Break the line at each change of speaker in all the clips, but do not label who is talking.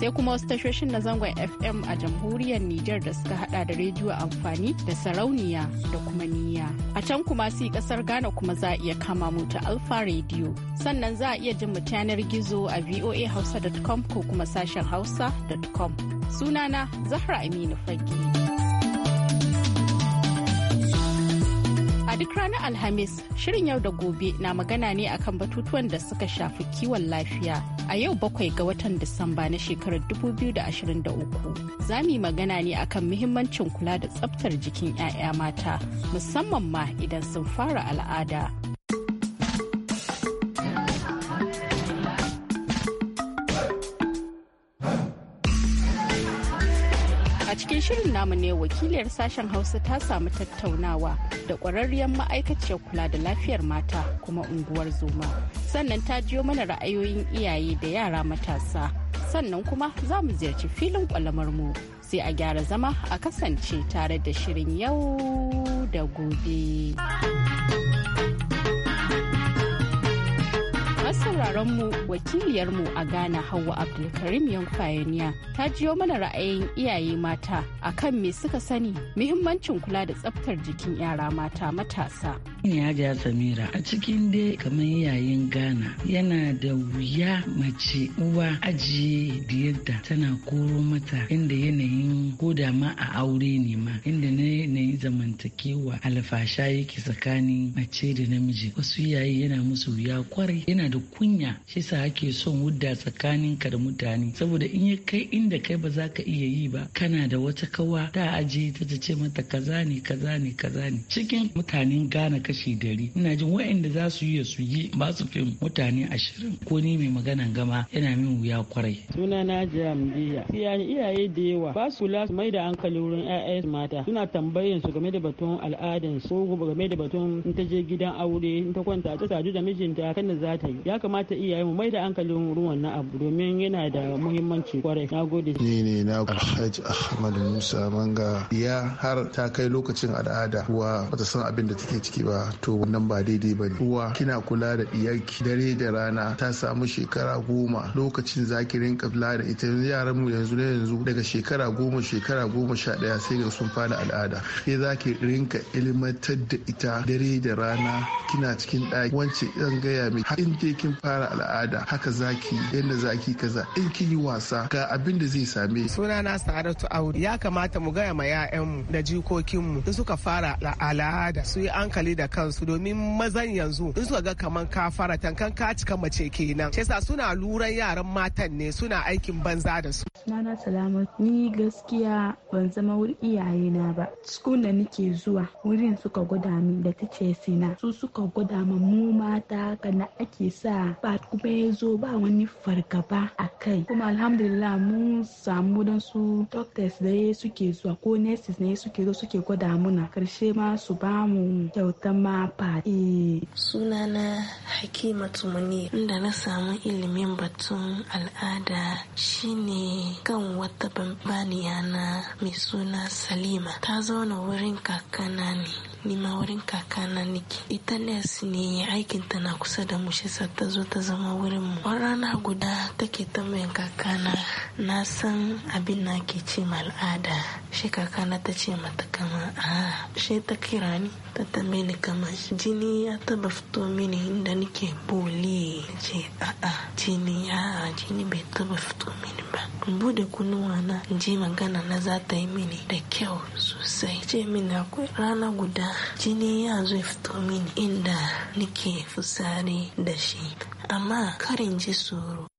sai kuma wasu tashoshin na zangon FM a jamhuriyar Nijar da suka hada da rediyo amfani da sarauniya da kuma niyya. A can kuma si kasar Ghana kuma za a iya kama mu ta Alfa Radio. Sannan za a iya jin mu yanar gizo a voahausa.com ko kuma sashen hausa.com. Sunana Zahra Aminu Fage. duk ranar Alhamis, shirin yau da gobe na magana ne akan batutuwan da suka shafi kiwon lafiya. A yau bakwai ga watan Disamba na shekarar 2023, za mu yi magana ne akan muhimmancin kula da tsaftar jikin 'ya'ya mata, musamman ma idan sun fara al'ada. shirin namu ne wakiliyar sashen hausa ta samu tattaunawa da ƙwararriyar ma'aikaciyar kula da lafiyar mata kuma unguwar zoma sannan ta jiyo mana ra'ayoyin iyaye da yara matasa sannan kuma za mu ziyarci filin mu sai a gyara zama a kasance tare da shirin yau da gobe. wakiliyar wakiliyarmu a Ghana Hauwa Abdulkarim Fayaniya ta jiyo mana ra'ayin iyaye mata a kan me suka sani muhimmancin kula da tsaftar jikin yara mata matasa. Ya ja Samira a cikin dai kamar yayin Ghana yana da wuya mace uwa ajiye diyarta tana koro mata inda yanayin koda ma a aure ne ma inda na yanayin zamantakewa alfasha yake tsakanin mace
da namiji wasu iyaye yana musu wuya kwarai yana da kunya hanya shi sa ake son wudda tsakanin ka da mutane saboda in ya kai inda kai ba za ka iya yi ba kana da wata kawa ta aje ta ta ce mata kaza ne kaza ne kaza ne cikin mutanen gana kashi dari
ina jin waɗanda za su yi su yi ba su fim mutane ashirin ko ni mai magana gama yana min wuya kwarai. suna na jami'a iyaye iyaye da yawa ba su kula su mai da hankali wurin 'ya'ya mata suna tambayin su game da batun al'adan su game da batun in ta je gidan aure in ta kwanta ta sadu da mijinta kan da za ta yi ya kamata iyaye mu mai da hankalin ruwan na abu domin yana da muhimmanci kwarai na gode ni ne na alhaji ahmad musa manga ya har ta kai lokacin al'ada uwa bata san abin da take ciki ba to wannan ba daidai ba ne. uwa kina kula da iyaki dare da rana ta samu shekara goma lokacin zaki rinka kula da ita yaran mu yanzu na yanzu daga shekara goma shekara goma sha daya sai ga sun fara al'ada sai zaki rinka ilmantar da ita dare da rana kina cikin ɗaki wance zan gaya miki in dai kin fara al'ada haka zaki yadda zaki kaza in kin yi wasa ga abin da zai same suna na saratu aure ya kamata mu gaya
ma 'ya'yanmu da jikokinmu in suka fara al'ada su yi hankali da kansu domin mazan yanzu in suka ga kaman ka fara tankan ka cika mace kenan shi yasa suna luran yaran matan ne suna aikin banza da su
sunana salama ni gaskiya ban zama wuri iyaye na ba school da nake zuwa wurin suka gwada min da teachers sina su suka gwada ma mu mata kana ake sa ba kuma ya zo ba wani fargaba a kai kuma alhamdulillah mun samu don su doctors da suke zuwa ko nurses ne suke zo suke gwada muna karshe ma su ba mu kyautar ma fadi eh. sunana hakimatu muni inda na samu ilimin batun
al'ada shine kan wata bambaniya na mai suna salima ta zauna wurin kakana ne nima wurin kakana nake ita ne aikinta na kusa da mu sa ta zo ta zama wurin mu rana guda take ta mai kakana na san abin na ke ce ma al'ada shi kakana ta ce mata kama a shi ta kira ni ta tambaye ni kamar jini ya taba fito mini inda nike boli ce a'a ah, ah, jini ya ah, jini bai taba fito mini ba bude kunuwa na ji magana na za ta yi mini da kyau sosai ce mini akwai rana guda jini ya zo fito mini inda nike fusari da shi amma karin ji tsoro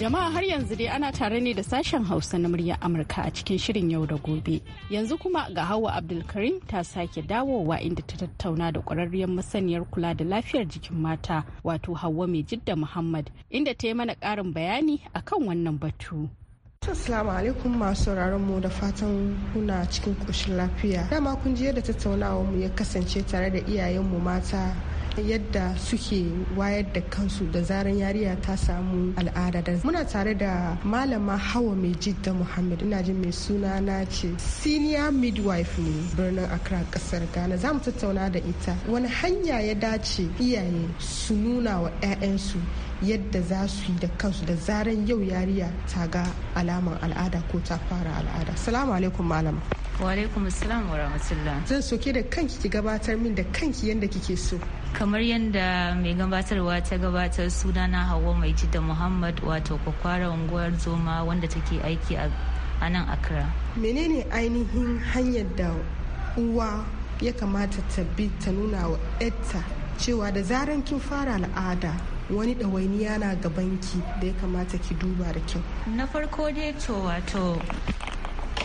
Jama'a har yanzu dai ana tare ne da sashen Hausa na muryar Amurka a cikin shirin yau da gobe. Yanzu kuma ga Hawa Abdulkarim ta sake dawowa inda ta tattauna da ƙwararriyar masaniyar kula da lafiyar jikin mata wato Hauwa Mai Jidda Muhammad inda ta yi mana ƙarin bayani akan wannan batu.
Assalamu alaikum masu mu da fatan kuna cikin koshin lafiya. Dama kun ji yadda tattaunawar mu ya kasance tare da iyayenmu mata yadda suke wayar da kansu da zaran yariya ta samu al'ada da muna tare da malama hawa mai jidda muhammad ina jin mai suna na ce senior midwife ne birnin accra kasar ghana za mu tattauna da ita wani hanya ya dace iyaye su nuna wa 'ya'yansu yadda za su yi da kansu da zaran yau yariya ta ga alaman al'ada ko ta fara al'ada salamu alaikum malama
wa alaikum assalam wa rahmatullah
zan soke da kanki ki gabatar min da kanki yadda kike so
kamar yadda mai gabatarwa ta gabatar suna na hawa mai ji da muhammad wato kwakwara unguwar zoma wanda take aiki a nan accra
menene ainihin hanyar da uwa ya kamata ta bi ta nuna wa yarta cewa da zaran kin fara al'ada wani ɗawainiya na gabanki da ya kamata ki duba
da kyau na farko dai to wato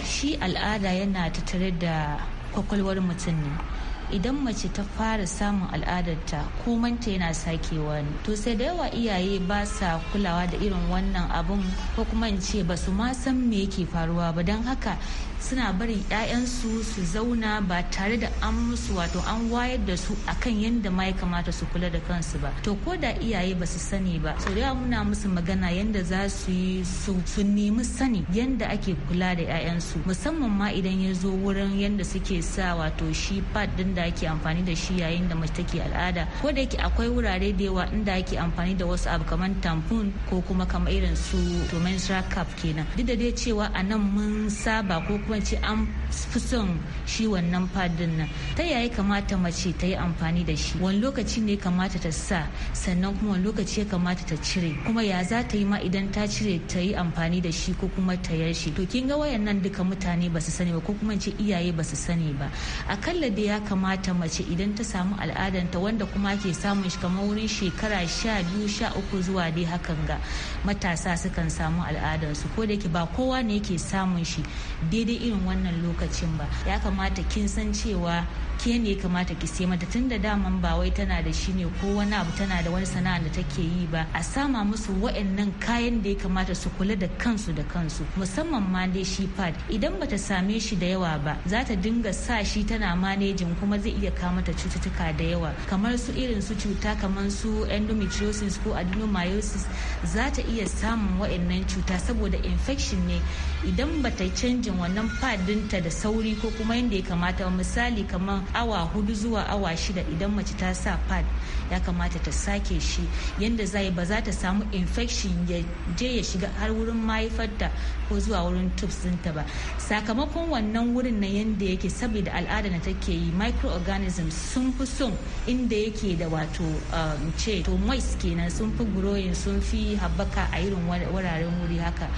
shi al'ada yana tattare da kwakwalwar mutum ne idan mace ta fara samun al'adarta komanta yana sakewa ne to sai da yawa iyaye ba sa kulawa da irin wannan abun ko kuma in ce ba su ma san me yake faruwa ba don haka suna barin 'ya'yansu su zauna ba tare da an musu wato an wayar da su akan yadda ma ya kamata su kula da kansu ba to ko da iyaye ba su sani ba sau da muna musu magana yadda za su yi su nemi sani yadda ake kula da 'ya'yansu musamman ma idan ya zo wurin yadda suke sa wato shi pad din da ake amfani da shi yayin da mace take al'ada ko da yake akwai wurare da yawa inda ake amfani da wasu abu kamar tampon ko kuma kamar irin su menstrual cup kenan duk da dai cewa a nan mun saba ko kuma mace an fi son shi wannan fadin nan ta yaya kamata mace ta yi amfani da shi wani lokaci ne kamata ta sa sannan kuma wani lokaci ya kamata ta cire kuma ya za ta yi ma idan ta cire ta yi amfani da shi ko kuma ta yar shi to kin ga wayan nan duka mutane ba su sani ba ko kuma ce iyaye ba su sani ba akalla da ya kamata mace idan ta samu al'adanta wanda kuma ke samun shi kamar wurin shekara sha biyu sha uku zuwa dai hakan ga matasa sukan samu al'adansu ko da ke ba kowa ne ke samun shi daidai kai irin wannan lokacin ba ya kamata kin san cewa ke ne kamata ki sai mata tun da daman ba wai tana da shi ne ko wani abu tana da wani sana'a da take yi ba a sama musu wa'annan kayan da ya kamata su kula da kansu da kansu musamman ma dai shi pad idan bata same shi da yawa ba za ta dinga sa shi tana manejin kuma zai iya kama ta cututtuka da yawa kamar su irin su cuta kamar su endometriosis ko adenomyosis za ta iya samun wa'annan cuta saboda infection ne idan bata canjin wannan wannan fadinta da sauri ko kuma yadda ya kamata misali kamar awa hudu zuwa awa shida idan mace ta sa pad ya kamata ta sake shi yadda zai ba za ta samu infection ya je ya shiga har wurin mahaifarta ko zuwa wurin tubes dinta ba sakamakon wannan wurin na yadda yake saboda al'ada na take yi microorganism sun fi son inda yake da wato um, ce to moist kenan sun fi growing sun fi haɓaka a irin wuraren wuri haka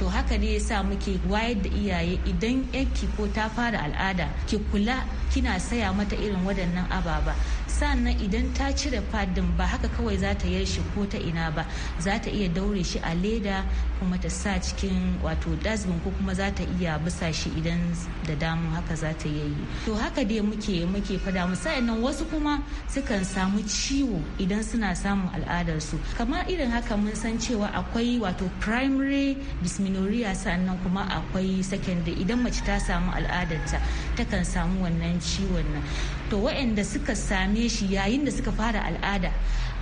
to haka ne yasa muke wayar da iyaye idan yanki ko ta fara al'ada ki kula kina saya mata irin waɗannan ababa sannan idan ta cire fadin ba haka kawai za ta yar shi ko ta ina ba za ta iya daure shi a leda kuma ta sa cikin wato dasbin ko kuma za ta iya bisa shi idan da damu haka za ta yi to haka dai muke muke fada mu sa'annan wasu kuma sukan samu ciwo idan suna samun al'adarsu kamar irin haka mun san cewa akwai wato primary dysmenorrhea sannan kuma akwai secondary idan mace ta samu al'adar ta takan samu wannan ciwon nan to waɗanda suka same shi yayin da suka fara al'ada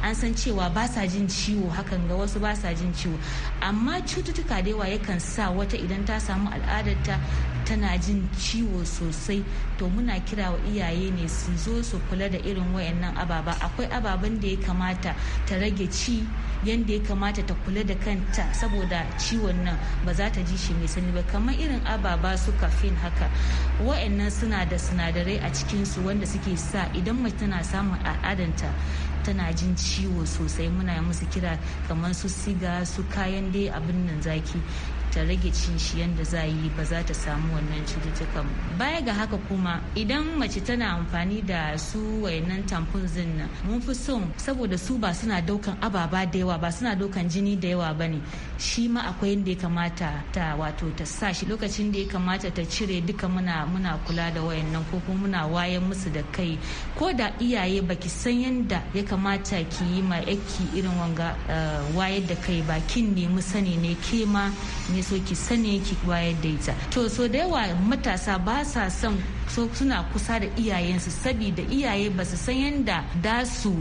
an san cewa ba sa jin ciwo hakan ga wasu ba sa jin ciwo amma cututtuka da yawa yakan sa wata idan ta samu al'adarta tana jin ciwo sosai to muna kira wa iyaye ne su zo su kula da irin wayannan ababa akwai ababen da ya kamata ta rage ci yadda ya kamata ta kula da kanta saboda ciwon nan ba za ta ji shi mai sani ba kamar irin ababa su kafin haka wayannan suna da sinadarai a cikinsu wanda suke sa idan mace tana samun al'adanta tana jin ciwo sosai muna musu kira kamar su siga su kayan dai abin nan zaki ta rage cin shi yadda za yi ba za ta samu wannan cututtukan baya ga haka kuma idan mace tana amfani da su wayannan tampon din nan mun fi son saboda su ba suna daukan ababa da yawa ba suna daukan jini da yawa ba ne shi ma akwai yadda ya kamata ta wato ta sa shi lokacin da ya kamata ta cire duka muna muna kula da wayannan ko kuma muna wayan musu da kai ko da iyaye baki san yadda ya kamata ki yi ma yaki irin wanga eh, wayar da kai ba kin nemi sani ne ke ma ya so ki sani ki bayar da ita to so da yawa matasa ba sa son so suna kusa da iyayensu sabida iyaye ba su san yadda da su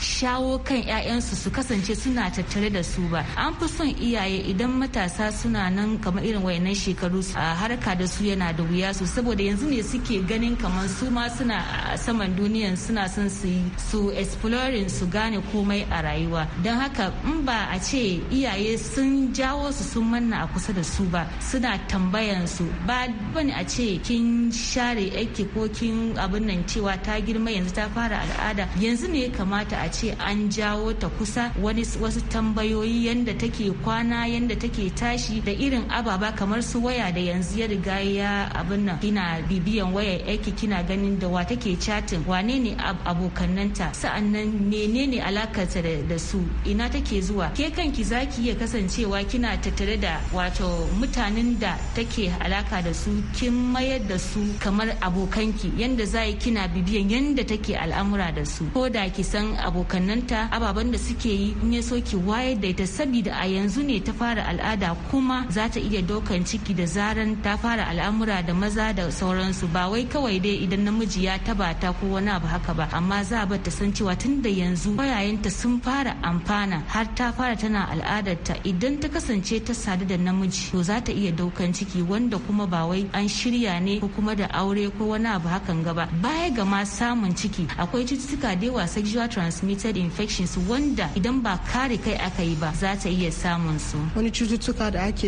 shawo kan 'ya'yansu su kasance suna tattare da su ba an fi son iyaye idan matasa suna nan kamar irin wayannan shekaru a harka da su yana da wuya su saboda yanzu ne suke ganin kamar su ma suna saman duniyan suna son su yi su exploring su gane komai a rayuwa don haka in ba a ce iyaye sun jawo su sun manna a kusa da su ba suna tambayan su ba ne a ce kin share aiki ko kin abin nan cewa ta girma yanzu ta fara al'ada yanzu ne kamata a ce an jawo ta kusa wani wasu tambayoyi yanda take kwana yanda take tashi da irin ababa kamar su waya da yanzu ya riga ya abin nan kina bibiyan wayar aiki kina ganin da wa take chatin wane ne abokannanta sa'annan menene ta da su ina take zuwa ke kanki zaki iya kasancewa kina tattare da wato mutanen da take alaka da su kin mayar da su kamar abokanki yanda za kina bibiyan yanda take al'amura da su ko da ki san abokannanta ababen da suke yi in ya so ki wayar da ita sabida a yanzu ne ta fara al'ada kuma za ta iya daukan ciki da zaran ta fara al'amura da maza da sauransu ba wai kawai dai idan namiji ya taba ta ko wani abu haka ba amma za a ta san cewa tun da yanzu ƙwayayenta sun fara amfana har ta fara tana al'adar ta idan ta kasance ta sadu da namiji to za ta iya daukan ciki wanda kuma ba wai an shirya ne ko kuma da aure ko wani abu hakan gaba baya ga ma samun ciki akwai cututtuka da yawa sexual transmitted infections wanda idan ba kare kai aka yi ba za ta iya samun su wani cututtuka da
ake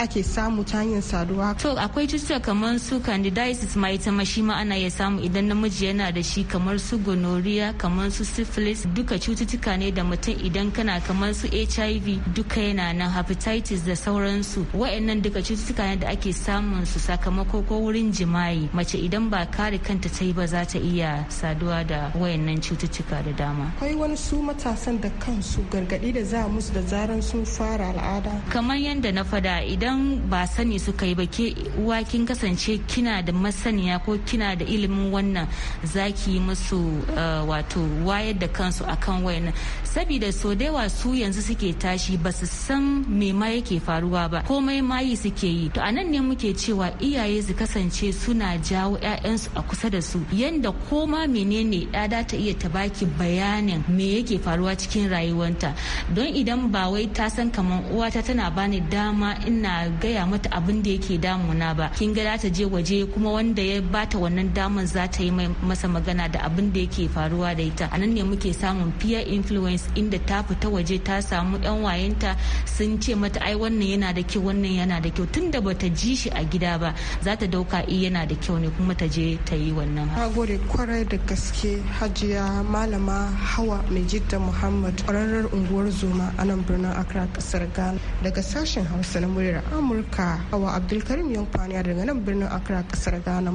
ake samu ta hanyar saduwa
to akwai cututtuka kamar su candidiasis ma ita ma shi ma ana iya samu idan namiji yana da shi kamar su gonorrhea kamar su syphilis duka cututtuka ne da mutum idan kana kamar su HIV duka yana nan hepatitis da sauransu wa'annan duka cututtuka ne da ake samun su sakamako ko wurin jima'i mace idan ba kare kanta ta yi ba za ta iya saduwa da wayannan cututtuka da dama
akwai wani su matasan da kansu gargadi da za musu da zaran sun fara al'ada
kamar yadda na fada idan ba sani suka yi ba ke uwa kin kasance kina da masaniya ko kina da ilimin wannan zaki yi musu eh, wato wayar da kansu akan wayannan saboda so da yawa su yanzu suke tashi ba su san me ma yake faruwa ba komai ma yi suke yi to anan ne muke cewa iyaye su kasance suna jawo 'ya'yansu a kusa da su yanda koma menene da ta iya ta baki bayanin me yake faruwa cikin rayuwanta don idan ba wai ta san kamar uwata tana bani dama ina gaya mata abin da yake damuna ba kin ga ta je waje kuma wanda ya bata wannan daman za ta yi masa magana da abin da yake faruwa da ita anan ne muke samun peer influence inda ta fita waje ta samu yan wayenta sun ce mata ai wannan yana da kyau wannan yana da kyau tunda bata ji shi a gida ba za ta dauka i eh, yana da kyau ne kuma ta je ta yi wannan
ha gode kwarai da gaske hajiya malama hawa mai muhammad kwararrar unguwar zoma a nan birnin accra kasar ghana daga sashen hausa na muryar amurka hawa abdulkarim yankwaniya daga nan birnin accra kasar ghana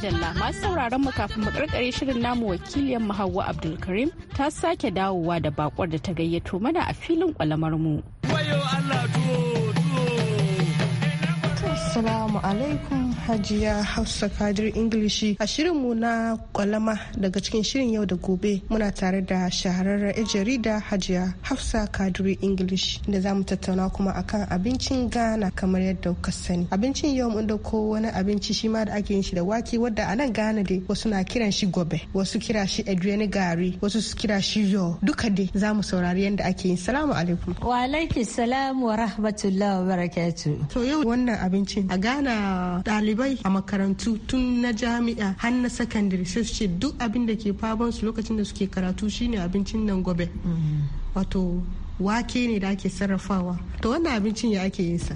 madalla
masu sauraron mu kafin mu karkare shirin namu wakiliyar mu Hauwa Abdulkarim ta sake dawowa da bakwar da ta gayyato mana a filin kwalamar mu. Assalamu
alaikum hajiya hausa kadir ingilishi a shirinmu na kwalama daga cikin shirin yau da gobe muna tare da shahararren yan jarida hajiya Hausa kadiri ingilish da za mu tattauna kuma akan abincin ghana kamar yadda kuka sani abincin yau mun dauko wani abinci shi ma da ake yin shi da wake wadda a nan ghana dai wasu na kiran shi gobe wasu kira shi Edwin gari wasu su kira shi yo duka dai za mu saurari yadda ake yin salamu alaikum wa alaikum salam wa rahmatullahi wa barakatuh to yau wannan abincin a ghana ɗalibai ɗalibai a makarantu tun na jami'a har na sakandare sai su ce duk abin da ke faban su lokacin da suke karatu shine abincin nan gobe mm-hmm. wato wake ne da ake sarrafawa to wannan abincin ya ake yin sa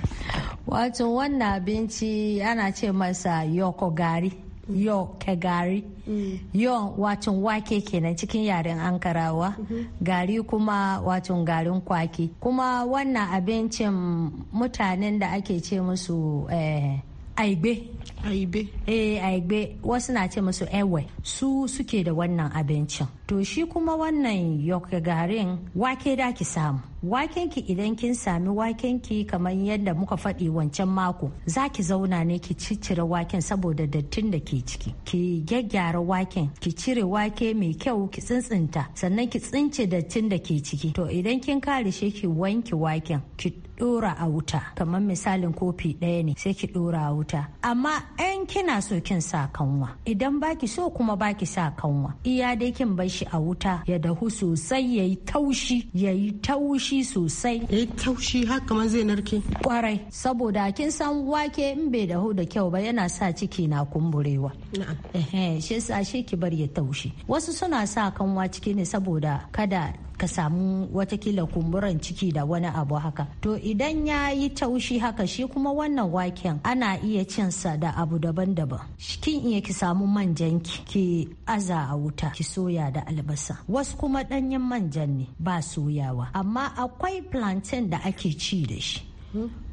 wato wannan abinci
ana ce masa yoko gari yo ka gari mm. yo wato wake kenan cikin yaren ankarawa mm-hmm. gari kuma wato garin kwaki kuma wannan abincin mutanen da ake ce musu eh, aibe aibe eh aibe wasu na ce musu ewe su suke da wannan abincin to shi kuma wannan yoke garin wake da ki samu waken ki idan kin sami waken ki kamar yadda muka faɗi wancan mako za ki zauna ne ki ciccire waken saboda dattin da ke ciki ki gyaggyara waken ki cire wake mai kyau ki tsintsinta sannan ki tsince dattin da ke ciki to idan kin kare shi ki wanke waken ki dora a wuta kamar misalin kofi ɗaya ne sai ki dora a wuta amma ɗan kina so kin sa kanwa idan baki so kuma baki sa kanwa iya dai kin bar shi a wuta ya dahu sosai ya yi taushi ya yi taushi sosai ya yi taushi har kamar zai narke kwarai saboda kin san wake in bai dahu da kyau ba yana sa ciki na kumburewa na'am shi sa shi ki bar ya taushi wasu suna sa kanwa ciki ne saboda kada ka samu watakila kumburan ciki da wani abu haka to idan ya yi taushi haka shi kuma wannan waken ana iya cin sa da abu daban-daban kin iya ki samu manjan ki aza a wuta ki soya da albasa wasu kuma danyen manjan ne ba soyawa amma akwai plantain da ake ci da shi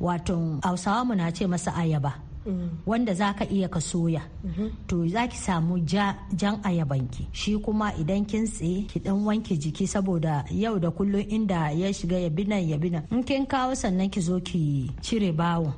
wato hausawa mu na ce masa ayaba wanda za ka iya ka soya to za ki samu jan ayabanki shi kuma idan kin tsaye ki dan wanke jiki saboda yau da kullum inda ya shiga ya binan ya binan in kin kawo sannan ki zo ki cire bawon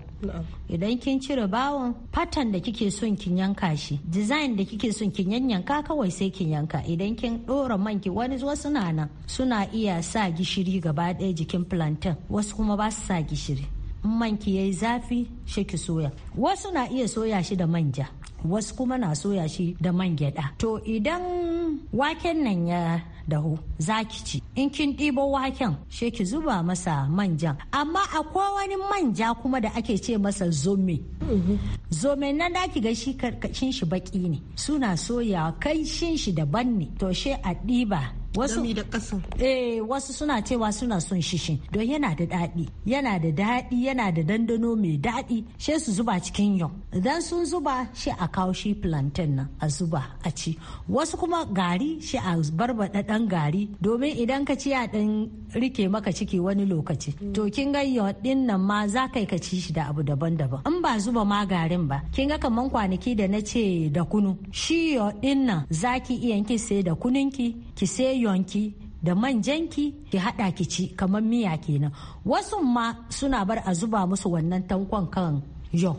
idan kin cire bawon fatan da kike son kin yanka shi design da kike son kin yanyanka kawai sai kin yanka idan kin dora manki wani wasu na nan suna iya sa gishiri gaba ɗaya jikin plantain wasu kuma ba su sa gishiri man ki zafi shi soya wasu na iya soya shi da manja wasu kuma na soya shi da man gyada to idan waken nan ya dahu za ki ci in kin ɗibo waken shi ki zuba masa manja amma akwai wani manja kuma da ake ce masa zome mhm. zome nan da ki ga shi karkashin shi baki ne suna soya kai shi daban ne to shi a ɗiba wasu da ƙasa eh wasu suna cewa suna son shishin don yana da daɗi yana da daɗi yana da dandano mai daɗi sai su zuba cikin yau idan sun zuba shi a kawo shi plantain nan a zuba a ci wasu kuma gari shi a barbaɗa ɗan gari domin idan ka ci ya ɗan rike maka ciki wani lokaci to kin ga ɗin nan ma za kai ka ci shi da abu daban-daban in ba zuba ma garin ba kin ga kaman kwanaki da na ce da kunu shi ɗin nan za ki iya sai da ki. ki yonki da manjanki ki hada ki ci kamar miya kenan wasu ma suna bar a zuba musu wannan tankon kan yo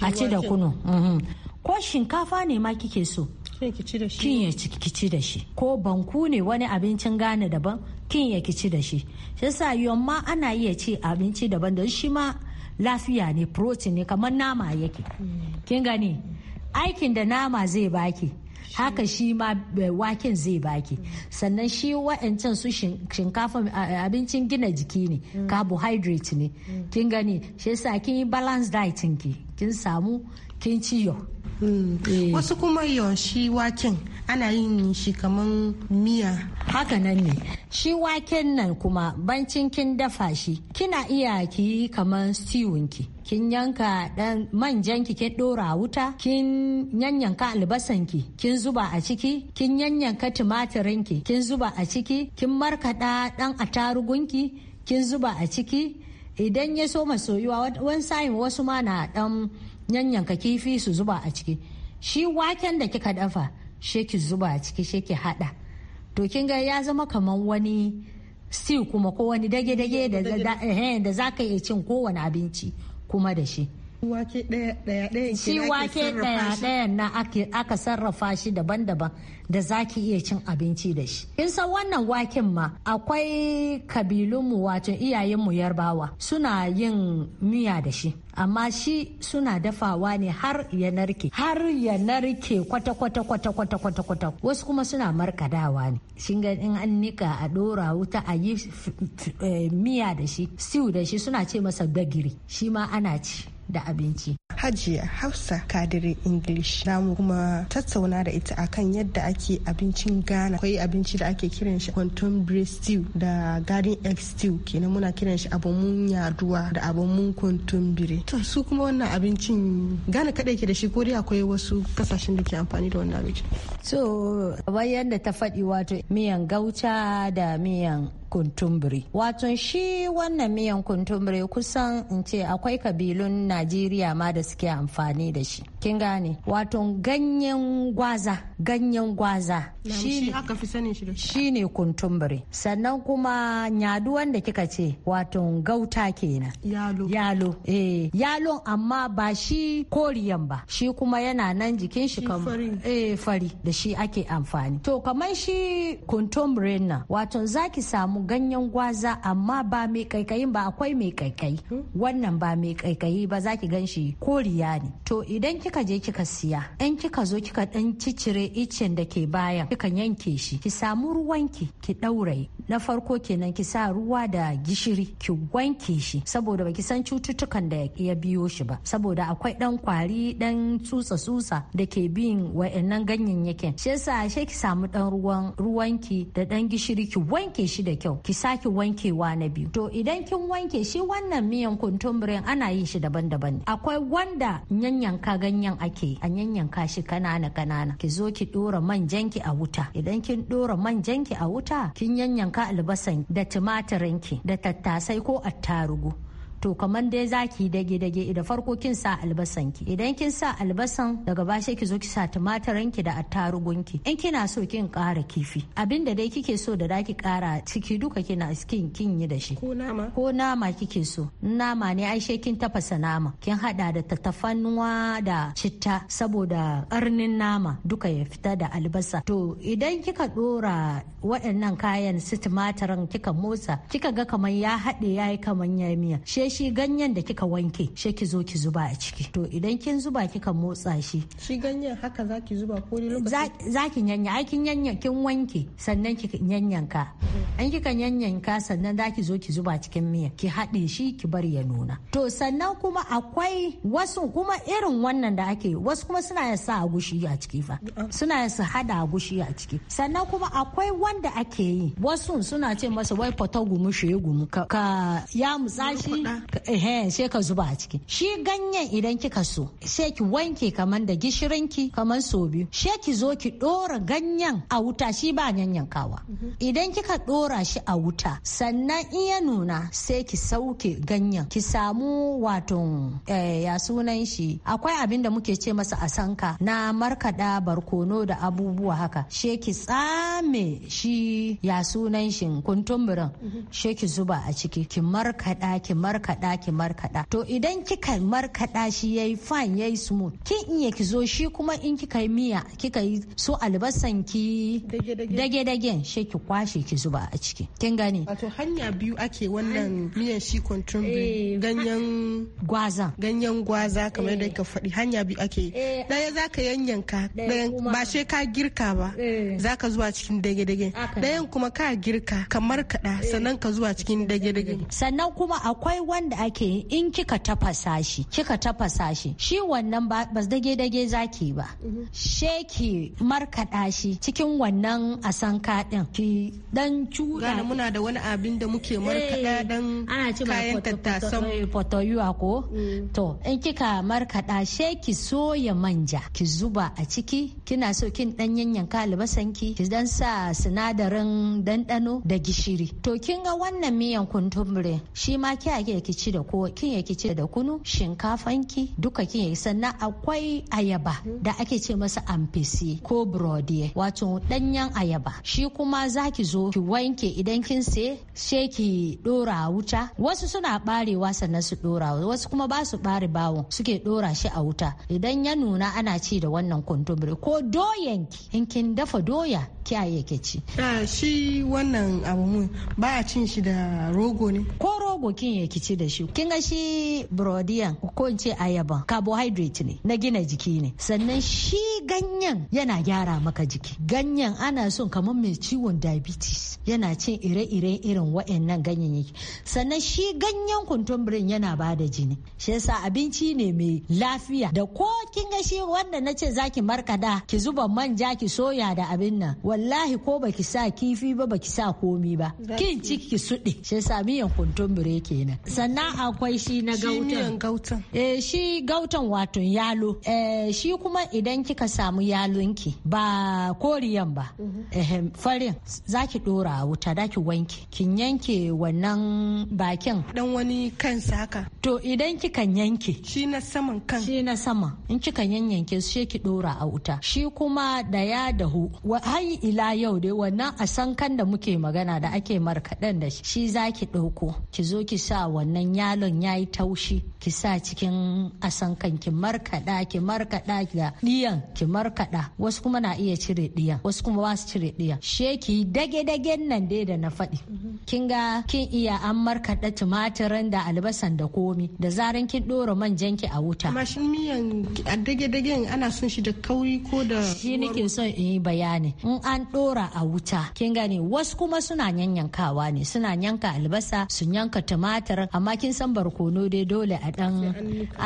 a ci da kunu mhm. ko shinkafa ne ma kike so kin ya ki ci da shi ko banku ne wani abincin gane daban kin ya ki ci da shi shi sa ma ana iya ci abinci daban don shi ma lafiya ne protein ne kamar nama yake mm. kin gani aikin da nama zai baki haka shi ma eh, waken zai baki sannan shi wa'ancan su shinkafa eh, abincin gina jiki ne carbohydrate ne kin gani shi yasa kin yi balance diet ki kin samu kin ciyo mm, eh. wasu kuma yawan shi waken ana yin shi kamar miya haka nan ne shi waken nan kuma bancin kin dafa shi kina iya ki yi kaman ki kin yanka dan manjan ki kin dora wuta kin yanyanka albasan ki kin zuba a ciki kin yanyanka tumatirin ki kin zuba a ciki kin markada dan atarugun ki kin zuba a ciki idan ya soma soyuwa wani sa'in wasu ma na dan yanyanka kifi su zuba a ciki shi waken da kika dafa sheki zuba a ciki sheki hada to kin ga ya zama kaman wani stew kuma ko wani dage-dage eh, da za ka iya cin kowane abinci kuma da shi
shi wake ɗaya ɗaya
na aka sarrafa shi daban-daban da zaki iya cin abinci da shi in san wannan waken ma akwai kabilunmu wato iyayenmu yarbawa suna yin miya da shi amma shi suna dafawa ne har ya narke har ya narke kwata kwata kwata kwata kwata kwata wasu kuma suna markadawa ne shin ga in an nika a dora wuta a yi eh, miya da shi
stew da shi suna ce masa gagiri shi ma ana ci da abinci. Hajiya Hausa Kadiri English namu kuma tattauna da ita akan yadda ake abincin Ghana. Akwai abinci da ake kiran shi contemporary stew da garden egg stew kenan muna kiran shi abamun yaduwa da abamun contemporary. To su kuma wannan abincin Ghana kadai ke da shi ko dai akwai wasu kasashen da ke amfani da wannan abincin. So bayan da ta
faɗi wato miyan gauta da miyan kuntumbiri wato shi wannan miyan kuntumbiri kusan in ce akwai kabilun najeriya ma da suke amfani da shi kin gane wato ganyen gwaza ganyen gwaza shi ne kuntumbiri sannan kuma nyadu wanda kika ce wato gauta kenan yalo yalo eh yalo amma ba shi koriyan ba shi kuma yana nan jikin shi kamar eh fari da shi ake amfani to kamar shi kuntumbirin nan wato zaki samu samu ganyen gwaza amma ba mai kaikayin ba akwai mai kaikayi wannan ba mai kaikayi ba zaki gan shi koriya ne to idan kika je kika siya in kika zo kika dan cicire icen da ke bayan kika yanke shi ki samu ruwan ki ɗauraye na farko kenan ki sa ruwa da gishiri ki wanke shi saboda baki san cututtukan da ya biyo shi ba saboda akwai ɗan kwari ɗan tsutsa tsutsa da ke bin wa'annan ganyayyakin shi yasa ki samu dan ruwan ruwanki da ɗan gishiri ki wanke shi da kyau kyau ki sake wankewa na biyu to idan kin wanke shi wannan miyan kuntumbirin ana yin shi daban-daban akwai wanda yanyanka ganyen ake a yanyanka shi kanana kanana ki zo ki dora ki a wuta idan kin dora ki a wuta kin yanyanka albasan da tumatirin ki da tattasai ko attarugu to kamar dai zaki dage dage idan farko kin sa albasan ki idan kin sa albasan daga bashe ki zo ki sa tumatirin ki da attarugun ki in kina so kin kara kifi abinda dai kike so da zaki kara ciki duka kina skin kin yi da shi ko nama ko nama kike so nama ne ai she kin tafasa nama kin hada da tatafanuwa da citta saboda karnin nama duka ya fita da albasa to idan kika dora waɗannan kayan su tumatirin kika motsa kika ga kamar ya haɗe yayi kamar ya miya she sai shi ganyen da kika wanke shi ki zo ki zuba a ciki to idan kin zuba kika motsa shi shi ganyen haka ki zuba ko ne lokaci ki nyanya ai kin nyanya kin wanke sannan ki yanyanka an kika yanyanka sannan za ki zo ki zuba cikin miya ki haɗe shi ki bar ya nuna to sannan kuma akwai wasu kuma irin wannan da ake wasu kuma suna ya sa agushi a ciki fa suna ya su hada agushi a ciki sannan kuma akwai wanda ake yi wasu suna ce masa wai fata gumu shi gumu ka ya mutsa shi nama eh, sai ka zuba a ciki shi ganyen idan kika so sai ki wanke kaman da gishirin ki kaman so biyu sai ki zo ki dora ganyen a wuta shi ba yanyankawa idan kika dora shi a wuta sannan iya nuna sai ki sauke ganyen ki samu wato eh, ya sunan shi akwai abin da muke ce masa a asanka na markada barkono da abubuwa haka sai ki tsame shi ya sunan shi kuntumburin sai ki zuba a ciki ki markada ki markada markaɗa ki markaɗa to idan kika markaɗa shi yayi fine yayi smooth kin iya ki zo shi kuma in kika yi miya kika yi su albasan ki dage dagen shi ki kwashe ki zuba a ciki kin
gane wato hanya biyu ake wannan miyan shi control eh, ganyen gwaza ganyen gwaza kamar da eh. ka faɗi hanya biyu ake daya eh. zaka yanyanka ba shi ka girka ba zaka zuwa cikin dage dage dayan kuma ka girka kamar kaɗa sannan ka zuwa cikin dage dage sannan
kuma akwai wanda ake yi in kika tafasa shi kika tafasa shi shi wannan ba dage dage zaki ba mhm. sheki markaɗa shi cikin wannan asanka din ki dan cuɗa muna da wani abin da muke eh, markaɗa dan kayan tattasan fotoyuwa eh, ko mm. to in kika markaɗa sheki soya manja ki zuba a ciki kina so kin dan yanyanka albasan ki ki dan sa sinadarin dandano da gishiri to kin ga wannan miyan kuntumbre shi ma ake ki da ko kin ya ki da kunu shinkafan ki duka kin ya sannan akwai ayaba da ake ce masa amfisi ko brodie wato danyen ayaba shi kuma zaki zo ki wanke idan kin se she ki dora wuta wasu suna barewa sannan su dora wasu kuma ba su bare bawon suke dora shi a wuta idan ya nuna ana ci da wannan kuntumbiri ko ki in kin dafa doya kiyaye ke ci. shi wannan abu mun ba cin shi da rogo ne? Ko rogo kin ya ci da shi kin ga shi brodiyan ko in ce ayaban carbohydrate ne na gina jiki ne sannan shi ganyen yana gyara maka jiki ganyen ana son kamar mai ciwon diabetes yana cin ire ire irin wa'annan ganyayyaki sannan shi ganyen kuntumbirin yana ba da jini shi yasa abinci ne mai lafiya da ko kin ga shi wanda na ce zaki markada ki zuba manja ki soya da abin nan wallahi ko baki sa kifi ba baki sa komi ba kin ciki ki suɗe shi yasa miyan kuntumbire kenan sannan akwai shi na gautan eh, shi gautan wato yalo eh, shi kuma idan kika samu yalonki ba koriyan ba mhm. farin Za ki dora a wuta ki wanke kin yanke wannan bakin dan wani kansa haka to idan kika yanke shi na saman kan shi na sama in kika yanyanke shi ki dora a wuta shi kuma da ya dahu hai ila yau dai wannan kan da muke magana da ake markaɗen da shi za ki ɗauko ki zo ki sa wannan wannan yalon ya yi taushi ki sa cikin asankan ki markaɗa ki markaɗa ga ɗiyan ki markaɗa wasu kuma na iya cire ɗiyan wasu kuma ba su cire ɗiyan sheki dage dagen nan dai da na faɗi kin ga kin iya an markaɗa tumatirin da albasan da komi da zaran kin ɗora manjan ki a wuta. mashin miyan a dage dagen ana son shi da kauri ko da. shi nake son in yi bayani in an ɗora a wuta kin gani wasu kuma suna yanyankawa ne suna yanka albasa su yanka tumatir amma kin san barkono dai dole a dan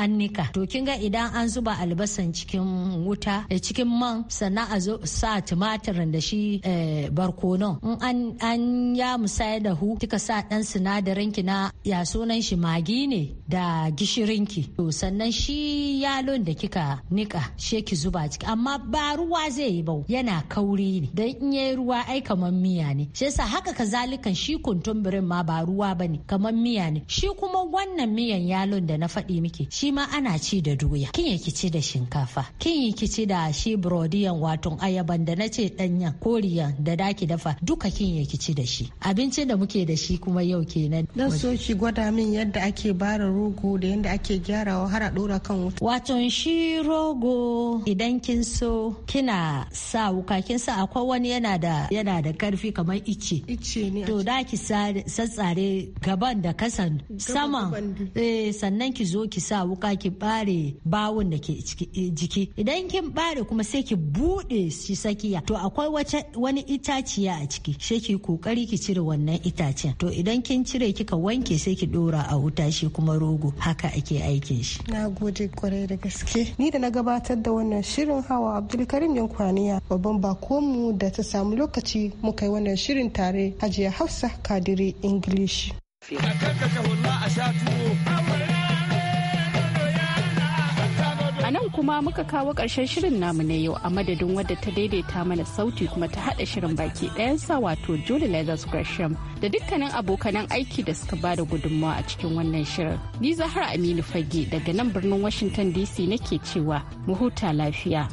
annika to kin ga idan an zuba albasan cikin wuta da eh, cikin man sannan a zo sa tumatirin da shi eh, barkonon in an ya musaya da hu kika sa dan sinadarin ki na ya sunan shi magi ne da gishirin ki to sannan shi yalon da kika nika she ki zuba ciki amma ba ruwa zai yi ba yana kauri ne dan in yayi ruwa ai kaman miya ne shi yasa haka kazalikan shi kuntumbirin ma ba ruwa bane kaman miya ne shi kuma wannan miyan yalon da na faɗi miki shi ma ana ci da doya kin yi kici da shinkafa kin yi kici da shi brodiyan wato ayaban da na ce danyen koriyan da daki dafa duka kin yi kici da shi abincin da muke da shi kuma yau kenan dan so
ki gwada min yadda ake bara rogo da yadda ake gyarawa har a dora kan wuta wato shi
rogo idan kin so kina sa wuka kin sa akwai wani yana da yana da karfi kamar ice ice ne to da ki sassare gaban da kasan saman eh, sannan ki zo ki sa wuka ki bare bawun da ke eh, jiki idan kin bare kuma sai ki bude shi sakiya to akwai wani itaciya a ciki sai ki kokari ki cire wannan itacen to idan kin cire kika wanke sai ki dora a wuta shi kuma rogo haka ake aikin shi
na gode kwarai da gaske ni da na gabatar da wannan shirin hawa abdulkarim yankwaniya babban mu da ta samu lokaci muka yi wannan shirin tare hajiya hafsa kadiri english
A nan kuma muka kawo ƙarshen shirin namu na yau a madadin wadda ta daidaita mana sauti kuma ta haɗa shirin baki sa wato Julie Leathers Gresham da dukkanin abokanan aiki da suka ba da gudunmawa a cikin wannan shirin. Ni Zahra Aminu Fage daga nan birnin Washington DC nake cewa mu huta lafiya.